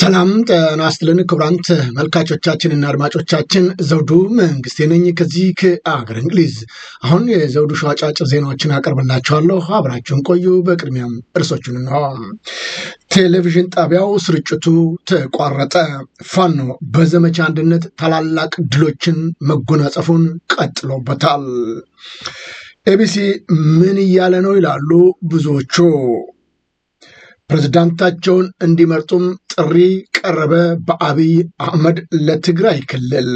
ሰላም ጤና ይስጥልን ክቡራን ተመልካቾቻችንና አድማጮቻችን ዘውዱ መንግስቴ ነኝ። ከዚህ ከአገር እንግሊዝ አሁን የዘውዱ ሾው አጫጭር ዜናዎችን አቀርብላችኋለሁ። አብራችሁን ቆዩ። በቅድሚያም እርሶቹን እንሆ። ቴሌቪዥን ጣቢያው ስርጭቱ ተቋረጠ። ፋኖ በዘመቻ አንድነት ታላላቅ ድሎችን መጎናጸፉን ቀጥሎበታል። ኤቢሲ ምን እያለ ነው ይላሉ ብዙዎቹ። ፕሬዝዳንታቸውን እንዲመርጡም ጥሪ ቀረበ። በአብይ አህመድ ለትግራይ ክልል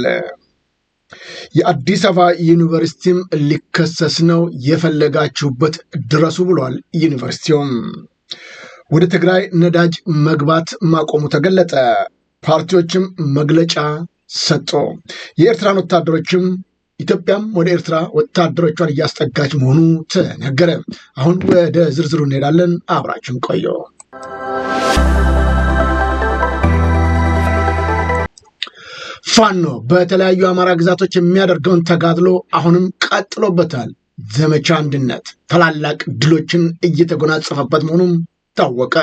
የአዲስ አበባ ዩኒቨርሲቲም ሊከሰስ ነው፣ የፈለጋችሁበት ድረሱ ብሏል። ዩኒቨርሲቲውም ወደ ትግራይ ነዳጅ መግባት ማቆሙ ተገለጠ። ፓርቲዎችም መግለጫ ሰጡ። የኤርትራን ወታደሮችም ኢትዮጵያም ወደ ኤርትራ ወታደሮቿን እያስጠጋች መሆኑ ተነገረ። አሁን ወደ ዝርዝሩ እንሄዳለን። አብራችን ቆየው ፋኖ በተለያዩ አማራ ግዛቶች የሚያደርገውን ተጋድሎ አሁንም ቀጥሎበታል። ዘመቻ አንድነት ታላላቅ ድሎችን እየተጎናጸፈበት መሆኑም ታወቀ።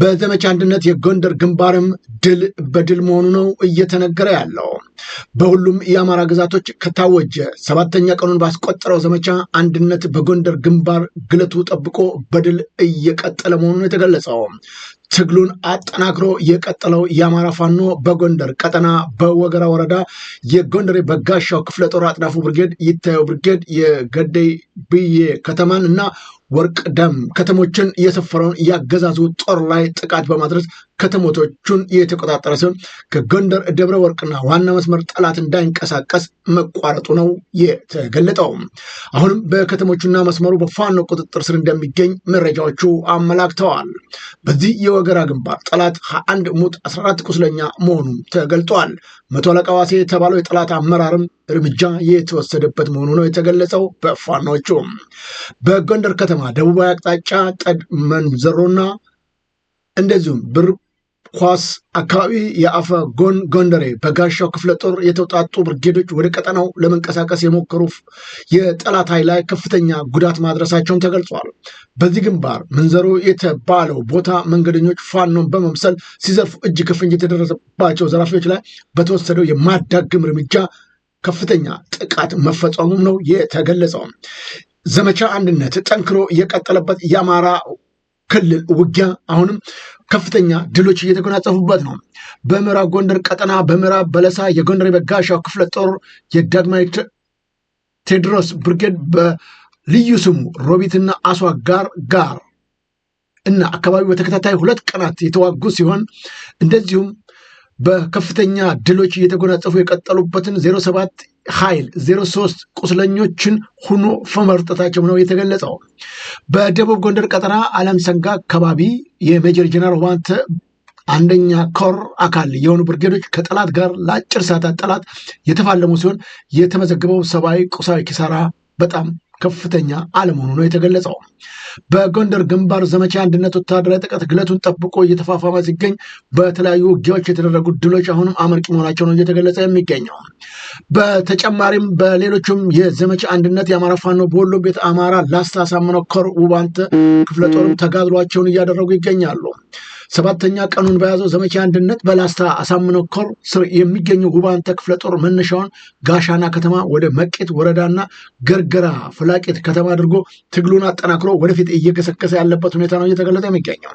በዘመቻ አንድነት የጎንደር ግንባርም ድል በድል መሆኑ ነው እየተነገረ ያለው። በሁሉም የአማራ ግዛቶች ከታወጀ ሰባተኛ ቀኑን ባስቆጠረው ዘመቻ አንድነት በጎንደር ግንባር ግለቱ ጠብቆ በድል እየቀጠለ መሆኑን የተገለጸው ትግሉን አጠናክሮ የቀጠለው የአማራ ፋኖ በጎንደር ቀጠና በወገራ ወረዳ የጎንደር በጋሻው ክፍለ ጦር አጥናፉ ብርጌድ፣ ይታየው ብርጌድ፣ የገደይ ብዬ ከተማን እና ወርቅ ደም ከተሞችን የሰፈረውን ያገዛዙ ጦር ላይ ጥቃት በማድረስ ከተሞቶቹን የተቆጣጠረ ሲሆን ከጎንደር ደብረ ወርቅና ዋና መስመር ጠላት እንዳይንቀሳቀስ መቋረጡ ነው የተገለጠው። አሁንም በከተሞቹና መስመሩ በፋኖ ቁጥጥር ስር እንደሚገኝ መረጃዎቹ አመላክተዋል። በዚህ የወገራ ግንባር ጠላት 21 ሙት 14 ቁስለኛ መሆኑም ተገልጧል። መቶ አለቃ ዋሴ የተባለው የጠላት አመራርም እርምጃ የተወሰደበት መሆኑ ነው የተገለጸው በፋኖች ናቸው። በጎንደር ከተማ ደቡባዊ አቅጣጫ ጠድ መንዘሮና እንደዚሁም ብር ኳስ አካባቢ የአፈ ጎን ጎንደሬ በጋሻው ክፍለ ጦር የተውጣጡ ብርጌዶች ወደ ቀጠናው ለመንቀሳቀስ የሞከሩ የጠላት ኃይል ላይ ከፍተኛ ጉዳት ማድረሳቸውን ተገልጿል። በዚህ ግንባር ምንዘሮ የተባለው ቦታ መንገደኞች ፋኖን በመምሰል ሲዘርፉ እጅ ከፍንጅ የተደረሰባቸው ዘራፊዎች ላይ በተወሰደው የማዳግም እርምጃ ከፍተኛ ጥቃት መፈጸሙም ነው የተገለጸው። ዘመቻ አንድነት ጠንክሮ የቀጠለበት የአማራ ክልል ውጊያ አሁንም ከፍተኛ ድሎች እየተጎናጸፉበት ነው። በምዕራብ ጎንደር ቀጠና በምዕራብ በለሳ የጎንደር የበጋሻው ክፍለ ጦር የዳግማዊ ቴዎድሮስ ብርጌድ በልዩ ስሙ ሮቢትና አሷ ጋር ጋር እና አካባቢው በተከታታይ ሁለት ቀናት የተዋጉ ሲሆን እንደዚሁም በከፍተኛ ድሎች እየተጎናጸፉ የቀጠሉበትን 07 ኃይል 03 ቁስለኞችን ሁኖ ፈመርጠታቸው ነው የተገለጸው። በደቡብ ጎንደር ቀጠና ሰንጋ አካባቢ የሜጀር ጀነራል ዋንተ አንደኛ ኮር አካል የሆኑ ብርጌዶች ከጠላት ጋር ለአጭር ሰዓታት ጠላት የተፋለሙ ሲሆን የተመዘገበው ሰብአዊ ቁሳዊ ኪሳራ በጣም ከፍተኛ አለመሆኑ ነው የተገለጸው። በጎንደር ግንባር ዘመቻ አንድነት ወታደራዊ ጥቃት ግለቱን ጠብቆ እየተፋፋመ ሲገኝ በተለያዩ ውጊያዎች የተደረጉ ድሎች አሁንም አመርቂ መሆናቸው ነው እየተገለጸ የሚገኘው። በተጨማሪም በሌሎችም የዘመቻ አንድነት የአማራ ፋኖ በወሎ ቤት አማራ ላስታ አሳምነው ኮር ውባንተ ክፍለ ጦርም ተጋድሏቸውን እያደረጉ ይገኛሉ። ሰባተኛ ቀኑን በያዘው ዘመቻ አንድነት በላስታ አሳምነው ኮር ስር የሚገኘው ጉባንተ ክፍለ ጦር መነሻውን ጋሻና ከተማ ወደ መቄት ወረዳና ገርገራ ፍላቄት ከተማ አድርጎ ትግሉን አጠናክሮ ወደፊት እየገሰገሰ ያለበት ሁኔታ ነው እየተገለጠ የሚገኘው።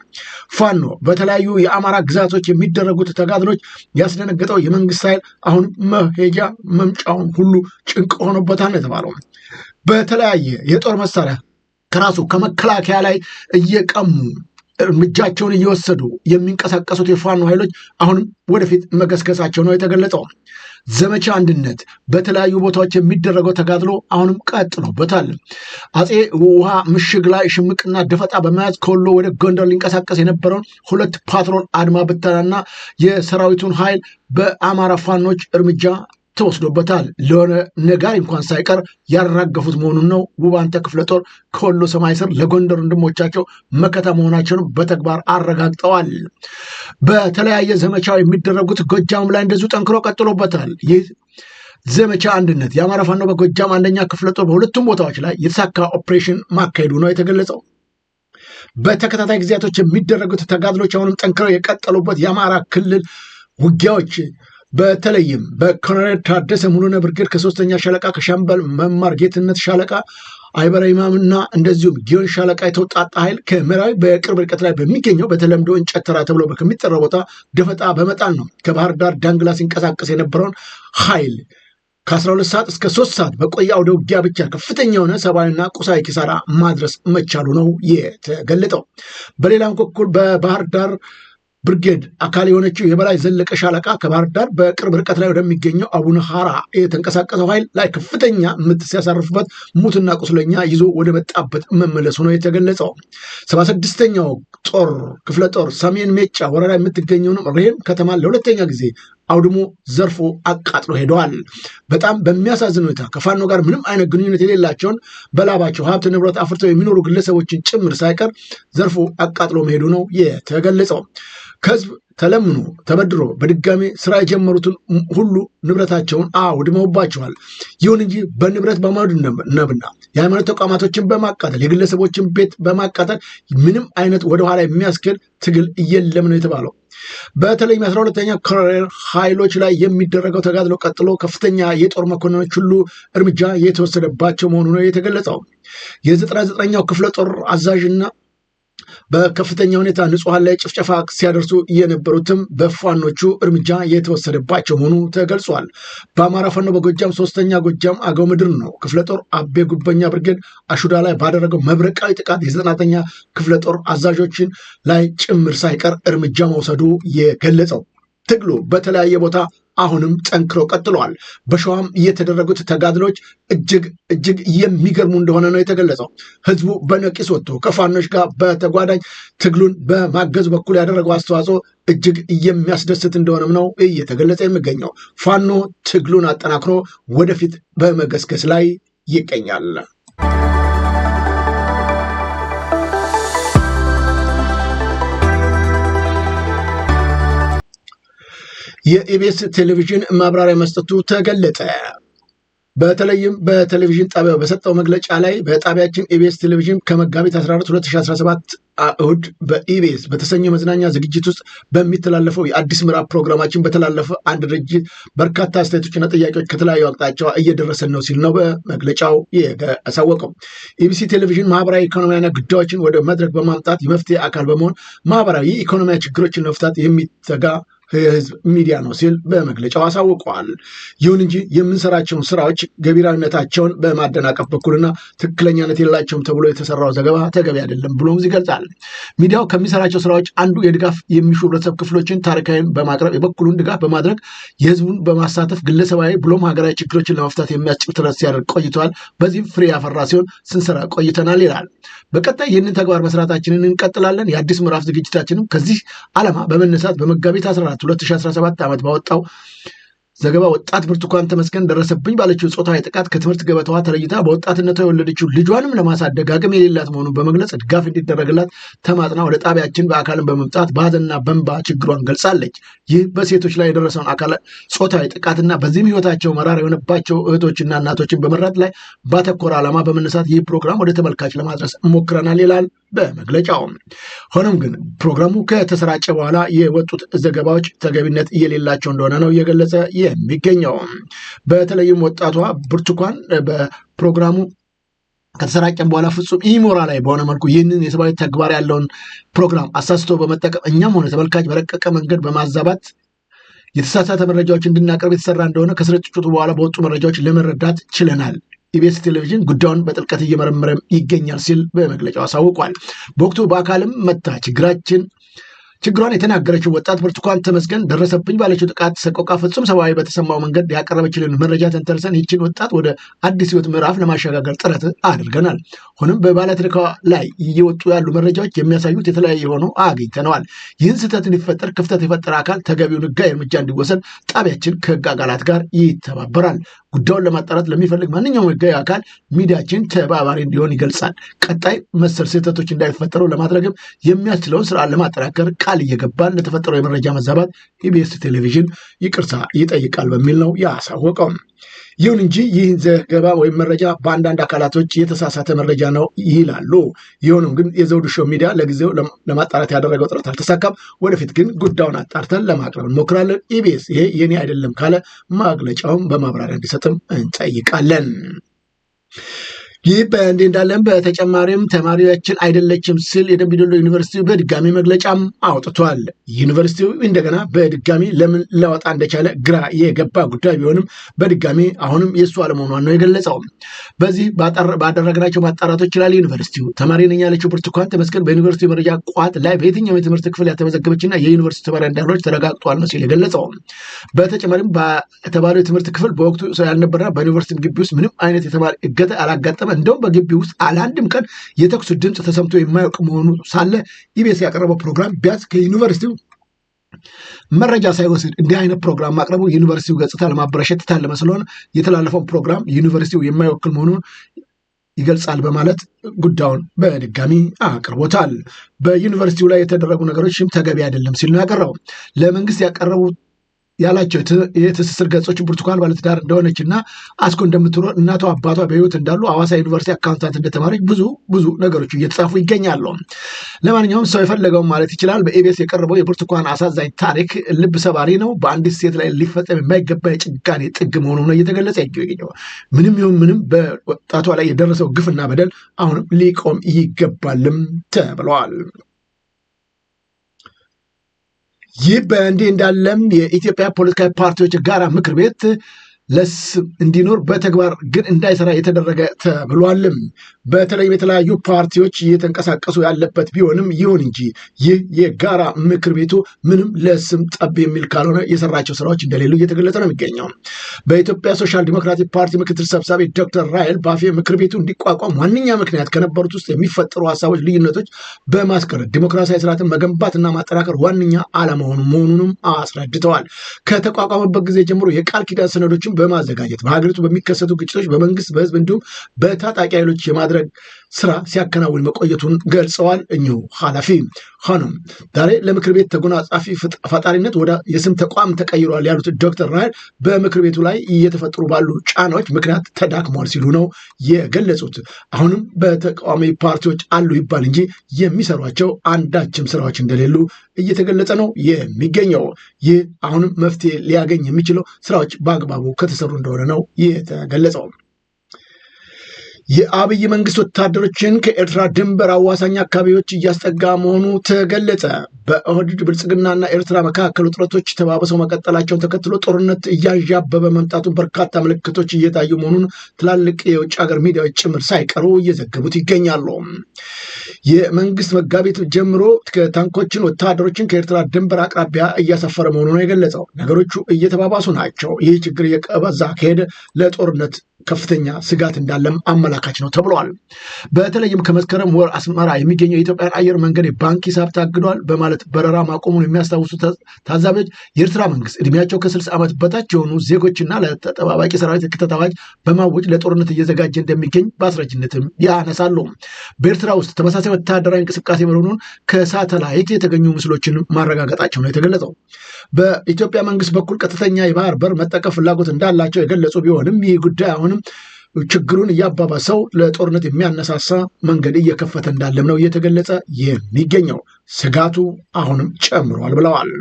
ፋኖ በተለያዩ የአማራ ግዛቶች የሚደረጉት ተጋድሎች ያስደነገጠው የመንግስት ኃይል አሁን መሄጃ መምጫውን ሁሉ ጭንቅ ሆኖበታል የተባለው በተለያየ የጦር መሳሪያ ከራሱ ከመከላከያ ላይ እየቀሙ እርምጃቸውን እየወሰዱ የሚንቀሳቀሱት የፋኖ ኃይሎች አሁንም ወደፊት መገስገሳቸው ነው የተገለጸው። ዘመቻ አንድነት በተለያዩ ቦታዎች የሚደረገው ተጋድሎ አሁንም ቀጥሎበታል። አጼ ውሃ ምሽግ ላይ ሽምቅና ደፈጣ በመያዝ ከወሎ ወደ ጎንደር ሊንቀሳቀስ የነበረውን ሁለት ፓትሮል አድማ ብተናና የሰራዊቱን ኃይል በአማራ ፋኖች እርምጃ ተወስዶበታል። ለሆነ ነጋሪ እንኳን ሳይቀር ያራገፉት መሆኑን ነው። ውባንተ ክፍለ ጦር ከወሎ ሰማይ ስር ለጎንደር ወንድሞቻቸው መከታ መሆናቸውን በተግባር አረጋግጠዋል። በተለያየ ዘመቻው የሚደረጉት ጎጃም ላይ እንደዚሁ ጠንክሮ ቀጥሎበታል። ይህ ዘመቻ አንድነት የአማራ ፋኖ በጎጃም አንደኛ ክፍለ ጦር በሁለቱም ቦታዎች ላይ የተሳካ ኦፕሬሽን ማካሄዱ ነው የተገለጸው። በተከታታይ ጊዜያቶች የሚደረጉት ተጋድሎች አሁንም ጠንክረው የቀጠሉበት የአማራ ክልል ውጊያዎች በተለይም በኮሎኔል ታደሰ ሙሉነ ብርጌድ ከሶስተኛ ሻለቃ ከሻምበል መማር ጌትነት ሻለቃ አይበራ ኢማምና እንደዚሁም ጊዮን ሻለቃ የተውጣጣ ኃይል ከምዕራዊ በቅርብ ርቀት ላይ በሚገኘው በተለምዶ እንጨት ተራ ተብሎ ከሚጠራው ቦታ ደፈጣ በመጣል ነው ከባህር ዳር ዳንግላ ሲንቀሳቀስ የነበረውን ኃይል ከ12 ሰዓት እስከ 3 ሰዓት በቆየ አውደ ውጊያ ብቻ ከፍተኛ የሆነ ሰብአዊና ቁሳዊ ኪሳራ ማድረስ መቻሉ ነው የተገለጠው። በሌላም በኩል በባህር ዳር ብርጌድ አካል የሆነችው የበላይ ዘለቀ ሻለቃ ከባህር ዳር በቅርብ ርቀት ላይ ወደሚገኘው አቡነ ሀራ የተንቀሳቀሰው ኃይል ላይ ከፍተኛ ምት ሲያሳርፍበት ሙትና ቁስለኛ ይዞ ወደ መጣበት መመለሱ ነው የተገለጸው። ሰባ ስድስተኛው ጦር ክፍለ ጦር ሰሜን ሜጫ ወረዳ የምትገኘውንም ሬም ከተማ ለሁለተኛ ጊዜ አውድሞ ዘርፎ አቃጥሎ ሄደዋል። በጣም በሚያሳዝን ሁኔታ ከፋኖ ጋር ምንም አይነት ግንኙነት የሌላቸውን በላባቸው ሀብት ንብረት አፍርተው የሚኖሩ ግለሰቦችን ጭምር ሳይቀር ዘርፎ አቃጥሎ መሄዱ ነው የተገለጸው። ከህዝብ ተለምኖ ተበድሮ በድጋሜ ስራ የጀመሩትን ሁሉ ንብረታቸውን አውድመውባቸዋል። ይሁን እንጂ በንብረት በማውደምና የሃይማኖት ተቋማቶችን በማቃጠል የግለሰቦችን ቤት በማቃጠል ምንም አይነት ወደኋላ የሚያስገድ ትግል እየለም ነው የተባለው። በተለይም አስራ ሁለተኛ ኮሎኔል ኃይሎች ላይ የሚደረገው ተጋድሎ ቀጥሎ ከፍተኛ የጦር መኮንኖች ሁሉ እርምጃ የተወሰደባቸው መሆኑ ነው የተገለጸው። የዘጠና ዘጠነኛው ክፍለ ጦር አዛዥና በከፍተኛ ሁኔታ ንጹሐን ላይ ጭፍጨፋ ሲያደርሱ የነበሩትም በፋኖቹ እርምጃ የተወሰደባቸው መሆኑ ተገልጿል። በአማራ ፋኖ በጎጃም ሶስተኛ ጎጃም አገው ምድር ነው ክፍለ ጦር አቤ ጉበኛ ብርጌድ አሹዳ ላይ ባደረገው መብረቃዊ ጥቃት የዘጠናተኛ ክፍለ ጦር አዛዦችን ላይ ጭምር ሳይቀር እርምጃ መውሰዱ የገለጸው ትግሉ በተለያየ ቦታ አሁንም ጠንክሮ ቀጥሏል። በሸዋም የተደረጉት ተጋድሎች እጅግ እጅግ የሚገርሙ እንደሆነ ነው የተገለጸው። ህዝቡ በነቂስ ወጥቶ ከፋኖች ጋር በተጓዳኝ ትግሉን በማገዝ በኩል ያደረገው አስተዋጽኦ እጅግ የሚያስደስት እንደሆነም ነው እየተገለጸ የሚገኘው። ፋኖ ትግሉን አጠናክሮ ወደፊት በመገስገስ ላይ ይገኛል። የኢቢኤስ ቴሌቪዥን ማብራሪያ መስጠቱ ተገለጠ። በተለይም በቴሌቪዥን ጣቢያው በሰጠው መግለጫ ላይ በጣቢያችን ኢቢኤስ ቴሌቪዥን ከመጋቢት 14 2017 እሁድ በኢቢኤስ በተሰኘው መዝናኛ ዝግጅት ውስጥ በሚተላለፈው የአዲስ ምዕራብ ፕሮግራማችን በተላለፈ አንድ ድርጅት በርካታ አስተያየቶችና ጥያቄዎች ከተለያዩ አቅጣጫ እየደረሰን ነው ሲል ነው በመግለጫው ያሳወቀው። ኢቢሲ ቴሌቪዥን ማህበራዊ ኢኮኖሚያና ጉዳዮችን ወደ መድረክ በማምጣት የመፍትሄ አካል በመሆን ማህበራዊ የኢኮኖሚያ ችግሮችን መፍታት የሚተጋ የህዝብ ሚዲያ ነው ሲል በመግለጫው አሳውቀዋል። ይሁን እንጂ የምንሰራቸውን ስራዎች ገቢራዊነታቸውን በማደናቀፍ በኩልና ትክክለኛነት የላቸውም ተብሎ የተሰራው ዘገባ ተገቢ አይደለም ብሎም ይገልጻል። ሚዲያው ከሚሰራቸው ስራዎች አንዱ የድጋፍ የሚሹ ህብረተሰብ ክፍሎችን ታሪካዊን በማቅረብ የበኩሉን ድጋፍ በማድረግ የህዝቡን በማሳተፍ ግለሰባዊ ብሎም ሀገራዊ ችግሮችን ለመፍታት የሚያስችል ጥረት ሲያደርግ ቆይተዋል። በዚህም ፍሬ ያፈራ ሲሆን ስንሰራ ቆይተናል ይላል። በቀጣይ ይህንን ተግባር መስራታችንን እንቀጥላለን። የአዲስ ምዕራፍ ዝግጅታችንም ከዚህ ዓላማ በመነሳት በመጋቢት አስራ 2017 ዓመት ባወጣው ዘገባ ወጣት ብርቱካን ተመስገን ደረሰብኝ ባለችው ጾታዊ ጥቃት ከትምህርት ገበታዋ ተለይታ በወጣትነቷ የወለደችው ልጇንም ለማሳደግ አቅም የሌላት መሆኑን በመግለጽ ድጋፍ እንዲደረግላት ተማጥና ወደ ጣቢያችን በአካልን በመምጣት በሀዘንና በንባ ችግሯን ገልጻለች። ይህ በሴቶች ላይ የደረሰውን አካል ጾታዊ ጥቃትና በዚህም ህይወታቸው መራር የሆነባቸው እህቶችና እናቶችን በመራት ላይ ባተኮረ ዓላማ በመነሳት ይህ ፕሮግራም ወደ ተመልካች ለማድረስ ሞክረናል ይላል በመግለጫው። ሆኖም ግን ፕሮግራሙ ከተሰራጨ በኋላ የወጡት ዘገባዎች ተገቢነት የሌላቸው እንደሆነ ነው እየገለጸ የሚገኘው። በተለይም ወጣቷ ብርቱካን በፕሮግራሙ ከተሰራጨን በኋላ ፍጹም ኢሞራላዊ በሆነ መልኩ ይህንን የሰብአዊ ተግባር ያለውን ፕሮግራም አሳስቶ በመጠቀም እኛም ሆነ ተመልካች በረቀቀ መንገድ በማዛባት የተሳሳተ መረጃዎች እንድናቀርብ የተሰራ እንደሆነ ከስርጭቱ በኋላ በወጡ መረጃዎች ለመረዳት ችለናል። ኢቢኤስ ቴሌቪዥን ጉዳዩን በጥልቀት እየመረመረ ይገኛል ሲል በመግለጫው አሳውቋል። በወቅቱ በአካልም መታ ችግራችን ችግሯን የተናገረችው ወጣት ብርቱካን ተመስገን ደረሰብኝ ባለችው ጥቃት ሰቆቃ ፍጹም ሰብአዊ በተሰማው መንገድ ያቀረበችልን መረጃ ተንተርሰን ይችን ወጣት ወደ አዲስ ህይወት ምዕራፍ ለማሸጋገር ጥረት አድርገናል። ሆኖም በባለትርካ ላይ እየወጡ ያሉ መረጃዎች የሚያሳዩት የተለያየ ሆነው አግኝተነዋል። ይህን ስህተት እንዲፈጠር ክፍተት የፈጠረ አካል ተገቢውን ህጋዊ እርምጃ እንዲወሰድ ጣቢያችን ከህግ አካላት ጋር ይተባበራል። ጉዳዩን ለማጣራት ለሚፈልግ ማንኛውም ሕጋዊ አካል ሚዲያችን ተባባሪ እንዲሆን ይገልጻል። ቀጣይ መሰል ስህተቶች እንዳይፈጠሩ ለማድረግም የሚያስችለውን ስራ ለማጠናከር ቃል እየገባን ለተፈጠረው የመረጃ መዛባት ኢቢኤስ ቴሌቪዥን ይቅርታ ይጠይቃል በሚል ነው ያሳወቀው። ይሁን እንጂ ይህን ዘገባ ወይም መረጃ በአንዳንድ አካላቶች የተሳሳተ መረጃ ነው ይላሉ። ይሁንም ግን የዘውዱ ሾው ሚዲያ ለጊዜው ለማጣራት ያደረገው ጥረት አልተሳካም። ወደፊት ግን ጉዳዩን አጣርተን ለማቅረብ እንሞክራለን። ኢቢኤስ ይሄ የኔ አይደለም ካለ ማግለጫውን በማብራሪያ እንዲሰጥም እንጠይቃለን። ይህ በእንዲህ እንዳለም በተጨማሪም ተማሪዎችን አይደለችም ስል የደምቢ ዩኒቨርሲቲ በድጋሚ መግለጫም አውጥቷል። ዩኒቨርሲቲው እንደገና በድጋሚ ለምን ላወጣ እንደቻለ ግራ የገባ ጉዳይ ቢሆንም በድጋሚ አሁንም የእሱ አለመሆኗን ነው የገለጸው። በዚህ ባደረግናቸው ማጣራቶች ይችላል ዩኒቨርሲቲው ተማሪ ነኝ ያለችው ብርቱካን ተመስገን በዩኒቨርሲቲ መረጃ ቋት ላይ በየትኛው የትምህርት ክፍል ያልተመዘገበችና የዩኒቨርሲቲ ተማሪ እንዳልሆነች ተረጋግጧል ነው ሲል የገለጸው። በተጨማሪም በተባለው የትምህርት ክፍል በወቅቱ ሰው ያልነበረና በዩኒቨርሲቲ ግቢ ውስጥ ምንም አይነት የተማሪ እገተ አላጋጠመ ያቀረበ እንደውም በግቢ ውስጥ አለአንድም ቀን የተኩስ ድምፅ ተሰምቶ የማያውቅ መሆኑ ሳለ ኢቤስ ያቀረበው ፕሮግራም ቢያንስ ከዩኒቨርሲቲው መረጃ ሳይወስድ እንዲህ አይነት ፕሮግራም ማቅረቡ ዩኒቨርሲቲው ገጽታ ለማበረሸት የታለመ ስለሆነ የተላለፈውን ፕሮግራም ዩኒቨርሲቲው የማይወክል መሆኑን ይገልጻል በማለት ጉዳዩን በድጋሚ አቅርቦታል። በዩኒቨርሲቲው ላይ የተደረጉ ነገሮችም ተገቢ አይደለም ሲል ነው ያቀረበው። ለመንግስት ያቀረቡት ያላቸው የትስስር ገጾች ብርቱካን ባለትዳር እንደሆነች እና አስኮ እንደምትኖር እናቷ አባቷ በህይወት እንዳሉ ሐዋሳ ዩኒቨርሲቲ አካውንታንት እንደተማረች ብዙ ብዙ ነገሮች እየተጻፉ ይገኛሉ። ለማንኛውም ሰው የፈለገውን ማለት ይችላል። በኢቢኤስ የቀረበው የብርቱካን አሳዛኝ ታሪክ ልብ ሰባሪ ነው። በአንዲት ሴት ላይ ሊፈጸም የማይገባ የጭካኔ ጥግ መሆኑ ነው እየተገለጸ ይገኛል። ምንም ይሁን ምንም በወጣቷ ላይ የደረሰው ግፍና በደል አሁንም ሊቆም ይገባልም ተብለዋል። ይህ በእንዲህ እንዳለም የኢትዮጵያ ፖለቲካዊ ፓርቲዎች ጋራ ምክር ቤት ለስም እንዲኖር በተግባር ግን እንዳይሰራ የተደረገ ተብሏልም። በተለይም የተለያዩ ፓርቲዎች እየተንቀሳቀሱ ያለበት ቢሆንም ይሁን እንጂ ይህ የጋራ ምክር ቤቱ ምንም ለስም ጠብ የሚል ካልሆነ የሰራቸው ስራዎች እንደሌሉ እየተገለጸ ነው የሚገኘው። በኢትዮጵያ ሶሻል ዲሞክራቲክ ፓርቲ ምክትል ሰብሳቢ ዶክተር ራይል ባፌ ምክር ቤቱ እንዲቋቋም ዋነኛ ምክንያት ከነበሩት ውስጥ የሚፈጠሩ ሀሳቦች ልዩነቶች በማስቀረት ዲሞክራሲያዊ ስርዓትን መገንባትና ማጠናከር ዋነኛ አለመሆኑ መሆኑንም አስረድተዋል። ከተቋቋመበት ጊዜ ጀምሮ የቃል ኪዳን ሰነዶችን በማዘጋጀት በሀገሪቱ በሚከሰቱ ግጭቶች በመንግስት በህዝብ እንዲሁም በታጣቂ ኃይሎች የማድረግ ስራ ሲያከናውን መቆየቱን ገልጸዋል። እኚሁ ኃላፊ ሆኖም ዛሬ ለምክር ቤት ተጎናጻፊ ፈጣሪነት ወደ የስም ተቋም ተቀይሯል ያሉት ዶክተር ራይል በምክር ቤቱ ላይ እየተፈጠሩ ባሉ ጫናዎች ምክንያት ተዳክሟል ሲሉ ነው የገለጹት። አሁንም በተቃዋሚ ፓርቲዎች አሉ ይባል እንጂ የሚሰሯቸው አንዳችም ስራዎች እንደሌሉ እየተገለጸ ነው የሚገኘው። ይህ አሁንም መፍትሄ ሊያገኝ የሚችለው ስራዎች በአግባቡ ከተሰሩ እንደሆነ ነው የተገለጸው። የአብይ መንግስት ወታደሮችን ከኤርትራ ድንበር አዋሳኝ አካባቢዎች እያስጠጋ መሆኑ ተገለጸ። በኦህዴድ ብልጽግናና ኤርትራ መካከል ውጥረቶች ተባብሰው መቀጠላቸውን ተከትሎ ጦርነት እያዣበበ መምጣቱን በርካታ ምልክቶች እየታዩ መሆኑን ትላልቅ የውጭ ሀገር ሚዲያዎች ጭምር ሳይቀሩ እየዘገቡት ይገኛሉ። የመንግስት መጋቢት ጀምሮ ታንኮችን፣ ወታደሮችን ከኤርትራ ድንበር አቅራቢያ እያሰፈረ መሆኑ ነው የገለጸው። ነገሮቹ እየተባባሱ ናቸው። ይህ ችግር የቀበዛ ከሄደ ለጦርነት ከፍተኛ ስጋት እንዳለም አመላካች ነው ተብለዋል። በተለይም ከመስከረም ወር አስመራ የሚገኘው የኢትዮጵያ አየር መንገድ የባንክ ሂሳብ ታግዷል በማለት በረራ ማቆሙን የሚያስታውሱ ታዛቢዎች የኤርትራ መንግስት እድሜያቸው ከስልሳ ዓመት በታች የሆኑ ዜጎችና ለተጠባባቂ ሰራዊት ክተት አዋጅ በማወጅ ለጦርነት እየዘጋጀ እንደሚገኝ በአስረጅነትም ያነሳሉ። በኤርትራ ውስጥ ተመሳሳይ ወታደራዊ እንቅስቃሴ መሆኑን ከሳተላይት የተገኙ ምስሎችን ማረጋገጣቸው ነው የተገለጸው። በኢትዮጵያ መንግስት በኩል ቀጥተኛ የባህር በር መጠቀም ፍላጎት እንዳላቸው የገለጹ ቢሆንም ይህ ጉዳይ አሁን ቢሆንም ችግሩን እያባባሰው ለጦርነት የሚያነሳሳ መንገድ እየከፈተ እንዳለም ነው እየተገለጸ የሚገኘው። ስጋቱ አሁንም ጨምሯል ብለዋል።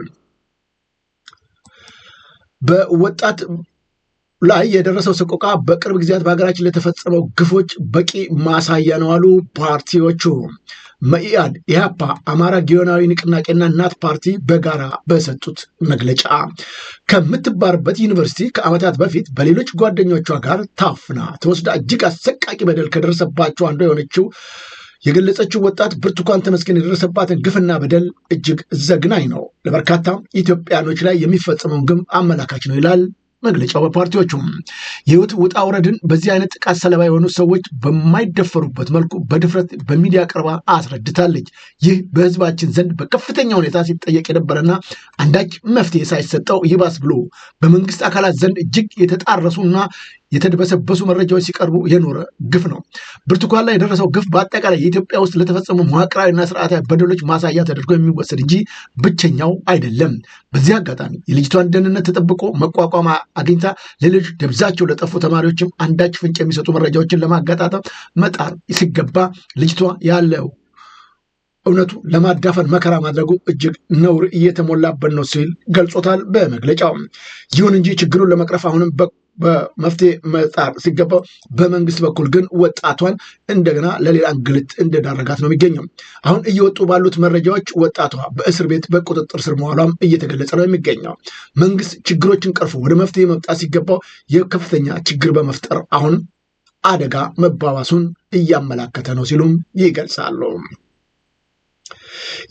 በወጣት ላይ የደረሰው ሰቆቃ በቅርብ ጊዜያት በሀገራችን ለተፈጸመው ግፎች በቂ ማሳያ ነው አሉ ፓርቲዎቹ። መኢአድ፣ ኢህአፓ፣ አማራ ጊዮናዊ ንቅናቄና እናት ፓርቲ በጋራ በሰጡት መግለጫ ከምትባርበት ዩኒቨርሲቲ ከዓመታት በፊት በሌሎች ጓደኞቿ ጋር ታፍና ተወስዳ እጅግ አሰቃቂ በደል ከደረሰባቸው አንዱ የሆነችው የገለጸችው ወጣት ብርቱካን ተመስገን የደረሰባትን ግፍና በደል እጅግ ዘግናኝ ነው፣ ለበርካታ ኢትዮጵያኖች ላይ የሚፈጸመውን ግፍ አመላካች ነው ይላል መግለጫው በፓርቲዎቹም የህይወት ውጣ ውረድን በዚህ አይነት ጥቃት ሰለባ የሆኑ ሰዎች በማይደፈሩበት መልኩ በድፍረት በሚዲያ ቀርባ አስረድታለች። ይህ በህዝባችን ዘንድ በከፍተኛ ሁኔታ ሲጠየቅ የነበረና አንዳች መፍትሄ ሳይሰጠው ይባስ ብሎ በመንግስት አካላት ዘንድ እጅግ የተጣረሱና የተደበሰበሱ መረጃዎች ሲቀርቡ የኖረ ግፍ ነው። ብርቱካን ላይ የደረሰው ግፍ በአጠቃላይ የኢትዮጵያ ውስጥ ለተፈጸሙ መዋቅራዊና ስርዓታዊ በደሎች ማሳያ ተደርጎ የሚወሰድ እንጂ ብቸኛው አይደለም። በዚህ አጋጣሚ የልጅቷን ደህንነት ተጠብቆ መቋቋም አግኝታ ሌሎች ደብዛቸው ለጠፉ ተማሪዎችም አንዳች ፍንጭ የሚሰጡ መረጃዎችን ለማጋጣጠም መጣር ሲገባ ልጅቷ ያለው እውነቱ ለማዳፈን መከራ ማድረጉ እጅግ ነውር እየተሞላበት ነው ሲል ገልጾታል በመግለጫው። ይሁን እንጂ ችግሩን ለመቅረፍ አሁንም በመፍትሄ መጣር ሲገባው በመንግስት በኩል ግን ወጣቷን እንደገና ለሌላ እንግልት እንደዳረጋት ነው የሚገኘው። አሁን እየወጡ ባሉት መረጃዎች ወጣቷ በእስር ቤት በቁጥጥር ስር መዋሏም እየተገለጸ ነው የሚገኘው። መንግስት ችግሮችን ቀርፎ ወደ መፍትሄ መምጣት ሲገባው የከፍተኛ ችግር በመፍጠር አሁን አደጋ መባባሱን እያመላከተ ነው ሲሉም ይገልጻሉ።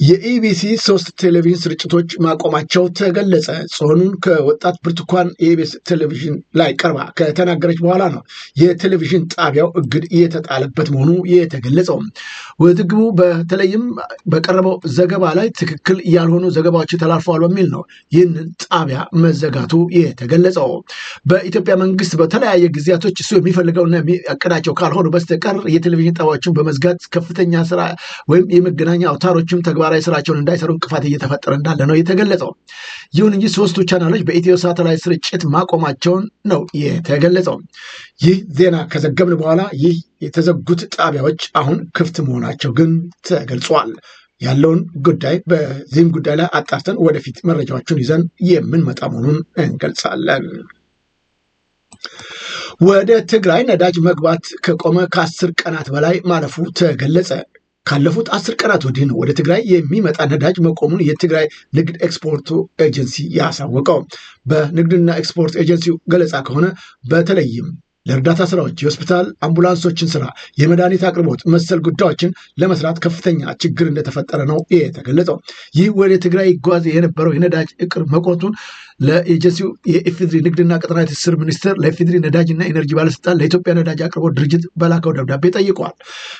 የኢቢሲ ሶስት ቴሌቪዥን ስርጭቶች ማቆማቸው ተገለጸ። ጽሆኑን ከወጣት ብርቱካን የኢቢኤስ ቴሌቪዥን ላይ ቀርባ ከተናገረች በኋላ ነው የቴሌቪዥን ጣቢያው እግድ የተጣለበት መሆኑ የተገለጸው። ውዝግቡ በተለይም በቀረበው ዘገባ ላይ ትክክል ያልሆኑ ዘገባዎች ተላልፈዋል በሚል ነው ይህንን ጣቢያ መዘጋቱ የተገለጸው። በኢትዮጵያ መንግስት በተለያየ ጊዜያቶች እሱ የሚፈልገውና የሚያቅዳቸው ካልሆኑ በስተቀር የቴሌቪዥን ጣቢያዎችን በመዝጋት ከፍተኛ ስራ ወይም የመገናኛ አውታሮችን ሌሎችም ተግባራዊ ስራቸውን እንዳይሰሩ እንቅፋት እየተፈጠረ እንዳለ ነው የተገለጸው። ይሁን እንጂ ሶስቱ ቻናሎች በኢትዮ ሳተላይት ስርጭት ማቆማቸውን ነው የተገለጸው። ይህ ዜና ከዘገብን በኋላ ይህ የተዘጉት ጣቢያዎች አሁን ክፍት መሆናቸው ግን ተገልጿል። ያለውን ጉዳይ በዚህም ጉዳይ ላይ አጣርተን ወደፊት መረጃዎችን ይዘን የምንመጣ መሆኑን እንገልጻለን። ወደ ትግራይ ነዳጅ መግባት ከቆመ ከአስር ቀናት በላይ ማለፉ ተገለጸ። ካለፉት አስር ቀናት ወዲህ ነው ወደ ትግራይ የሚመጣ ነዳጅ መቆሙን የትግራይ ንግድ ኤክስፖርት ኤጀንሲ ያሳወቀው። በንግድና ኤክስፖርት ኤጀንሲ ገለጻ ከሆነ በተለይም ለእርዳታ ስራዎች፣ የሆስፒታል አምቡላንሶችን ስራ፣ የመድኃኒት አቅርቦት መሰል ጉዳዮችን ለመስራት ከፍተኛ ችግር እንደተፈጠረ ነው የተገለጸው። ይህ ወደ ትግራይ ይጓዝ የነበረው የነዳጅ እቅር መቆቱን ለኤጀንሲው የኢፌድሪ ንግድና ቀጠናዊ ትስስር ሚኒስቴር፣ ለኢፌድሪ ነዳጅና ኤነርጂ ባለስልጣን፣ ለኢትዮጵያ ነዳጅ አቅርቦት ድርጅት በላከው ደብዳቤ ጠይቀዋል።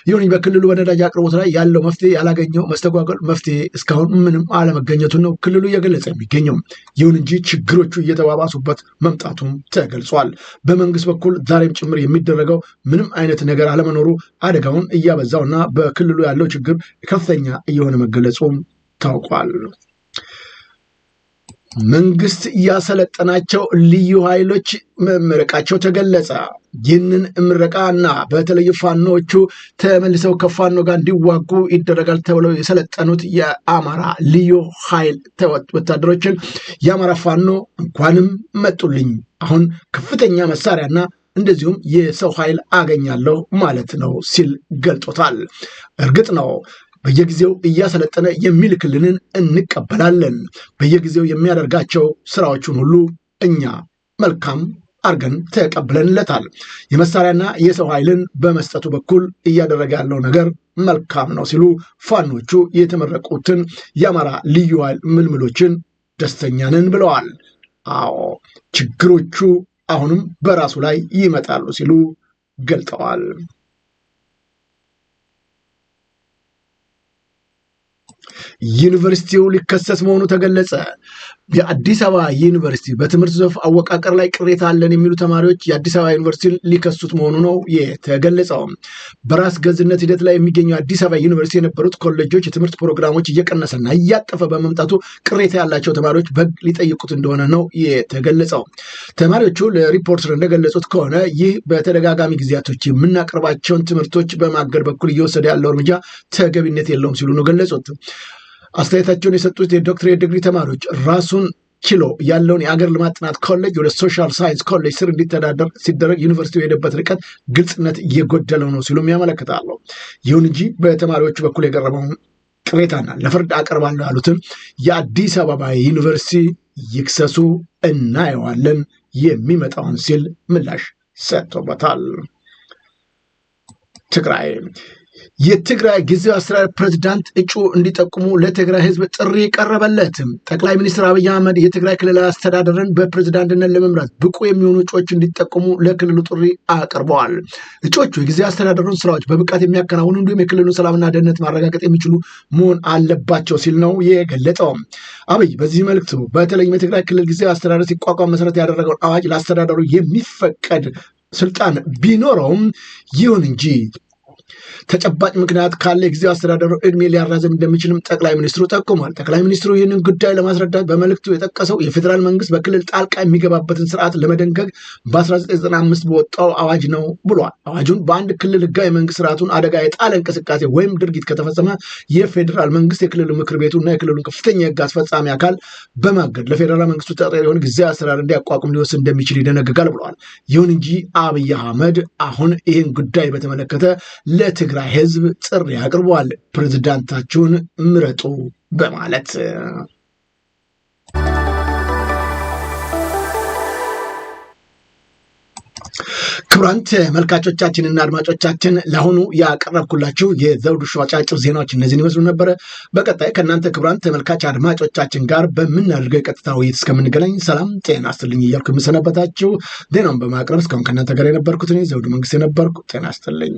ይሁን እንጂ በክልሉ በነዳጅ አቅርቦት ላይ ያለው መፍትሄ ያላገኘው መስተጓጎል መፍትሄ እስካሁን ምንም አለመገኘቱን ነው ክልሉ እየገለጸ የሚገኘው። ይሁን እንጂ ችግሮቹ እየተባባሱበት መምጣቱም ተገልጿል። በመንግስት በኩል ዛሬም ጭምር የሚደረገው ምንም አይነት ነገር አለመኖሩ አደጋውን እያበዛውና በክልሉ ያለው ችግር ከፍተኛ እየሆነ መገለጹም ታውቋል። መንግስት ያሰለጠናቸው ልዩ ኃይሎች መምረቃቸው ተገለጸ። ይህንን ምረቃ እና በተለይ ፋኖዎቹ ተመልሰው ከፋኖ ጋር እንዲዋጉ ይደረጋል ተብለው የሰለጠኑት የአማራ ልዩ ኃይል ወታደሮችን የአማራ ፋኖ እንኳንም መጡልኝ፣ አሁን ከፍተኛ መሳሪያና እንደዚሁም የሰው ኃይል አገኛለሁ ማለት ነው ሲል ገልጦታል። እርግጥ ነው በየጊዜው እያሰለጠነ የሚልክልንን እንቀበላለን። በየጊዜው የሚያደርጋቸው ስራዎቹን ሁሉ እኛ መልካም አርገን ተቀብለንለታል። የመሳሪያና የሰው ኃይልን በመስጠቱ በኩል እያደረገ ያለው ነገር መልካም ነው ሲሉ ፋኖቹ የተመረቁትን የአማራ ልዩ ኃይል ምልምሎችን ደስተኛ ነን ብለዋል። አዎ ችግሮቹ አሁንም በራሱ ላይ ይመጣሉ ሲሉ ገልጠዋል። ዩኒቨርሲቲው ሊከሰስ መሆኑ ተገለጸ። የአዲስ አበባ ዩኒቨርሲቲ በትምህርት ዘርፍ አወቃቀር ላይ ቅሬታ አለን የሚሉ ተማሪዎች የአዲስ አበባ ዩኒቨርሲቲ ሊከሱት መሆኑ ነው የተገለጸው። በራስ ገዝነት ሂደት ላይ የሚገኘው አዲስ አበባ ዩኒቨርሲቲ የነበሩት ኮሌጆች የትምህርት ፕሮግራሞች እየቀነሰና እያጠፈ በመምጣቱ ቅሬታ ያላቸው ተማሪዎች በግ ሊጠይቁት እንደሆነ ነው የተገለጸው። ተማሪዎቹ ለሪፖርተር እንደገለጹት ከሆነ ይህ በተደጋጋሚ ጊዜያቶች የምናቀርባቸውን ትምህርቶች በማገድ በኩል እየወሰደ ያለው እርምጃ ተገቢነት የለውም ሲሉ ነው ገለጹት። አስተያየታቸውን የሰጡት የዶክትሬት ዲግሪ ተማሪዎች ራሱን ችሎ ያለውን የአገር ልማት ጥናት ኮሌጅ ወደ ሶሻል ሳይንስ ኮሌጅ ስር እንዲተዳደር ሲደረግ ዩኒቨርሲቲው የሄደበት ርቀት ግልጽነት እየጎደለው ነው ሲሉም ያመለክታሉ። ይሁን እንጂ በተማሪዎቹ በኩል የቀረበውን ቅሬታና ለፍርድ አቀርባለሁ ያሉትን የአዲስ አበባ ዩኒቨርሲቲ ይክሰሱ፣ እናየዋለን የሚመጣውን ሲል ምላሽ ሰጥቶበታል። ትግራይ የትግራይ ጊዜያዊ አስተዳደር ፕሬዝዳንት እጩ እንዲጠቁሙ ለትግራይ ህዝብ ጥሪ ቀረበለት። ጠቅላይ ሚኒስትር አብይ አህመድ የትግራይ ክልላዊ አስተዳደርን በፕሬዝዳንትነት ለመምራት ብቁ የሚሆኑ እጩዎች እንዲጠቁሙ ለክልሉ ጥሪ አቅርበዋል። እጩዎቹ የጊዜያዊ አስተዳደሩን ስራዎች በብቃት የሚያከናውኑ እንዲሁም የክልሉን ሰላምና ደህንነት ማረጋገጥ የሚችሉ መሆን አለባቸው ሲል ነው የገለጠው። አብይ በዚህ መልክቱ በተለይም የትግራይ ክልል ጊዜያዊ አስተዳደር ሲቋቋም መሰረት ያደረገውን አዋጅ ለአስተዳደሩ የሚፈቀድ ስልጣን ቢኖረውም ይሁን እንጂ ተጨባጭ ምክንያት ካለ ጊዜው አስተዳደሩ እድሜ ሊያራዘም እንደሚችልም ጠቅላይ ሚኒስትሩ ጠቁሟል። ጠቅላይ ሚኒስትሩ ይህንን ጉዳይ ለማስረዳት በመልእክቱ የጠቀሰው የፌዴራል መንግስት በክልል ጣልቃ የሚገባበትን ስርዓት ለመደንገግ በ1995 በወጣው አዋጅ ነው ብሏል። አዋጁን በአንድ ክልል ህጋዊ መንግስት ስርዓቱን አደጋ የጣለ እንቅስቃሴ ወይም ድርጊት ከተፈጸመ የፌዴራል መንግስት የክልሉ ምክር እና የክልሉን ከፍተኛ የህግ አስፈጻሚ አካል በማገድ ለፌዴራል መንግስቱ ተጠሪ የሆነ ጊዜያዊ አሰራር እንዲያቋቁም ሊወስድ እንደሚችል ይደነግጋል ብለዋል። ይሁን እንጂ አብይ አህመድ አሁን ይህን ጉዳይ በተመለከተ ለትግራይ ህዝብ ጥሪ አቅርቧል። ፕሬዝዳንታችሁን ምረጡ በማለት ክቡራን ተመልካቾቻችንና አድማጮቻችን ለአሁኑ ያቀረብኩላችሁ የዘውዱ ሾው አጫጭር ዜናዎች እነዚህን ይመስሉ ነበረ። በቀጣይ ከእናንተ ክቡራን ተመልካች አድማጮቻችን ጋር በምናደርገው የቀጥታ ውይይት እስከምንገናኝ ሰላም ጤና ይስጥልኝ እያልኩ የምሰነበታችሁ ዜናውን በማቅረብ እስካሁን ከእናንተ ጋር የነበርኩት እኔ ዘውዱ መንግስት የነበርኩ ጤና ይስጥልኝ።